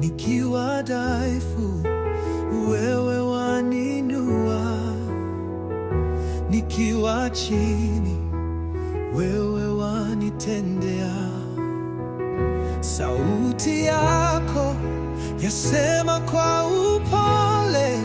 nikiwa dhaifu, wewe waninua, nikiwa chini, wewe wanitendea. Sauti yako yasema kwa upole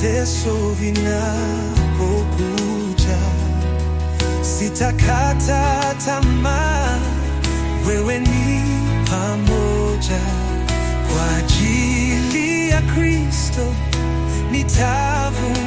Mateso vinapokuja, sitakata tamaa, wewe ni pamoja. Kwa ajili ya Kristo nitavu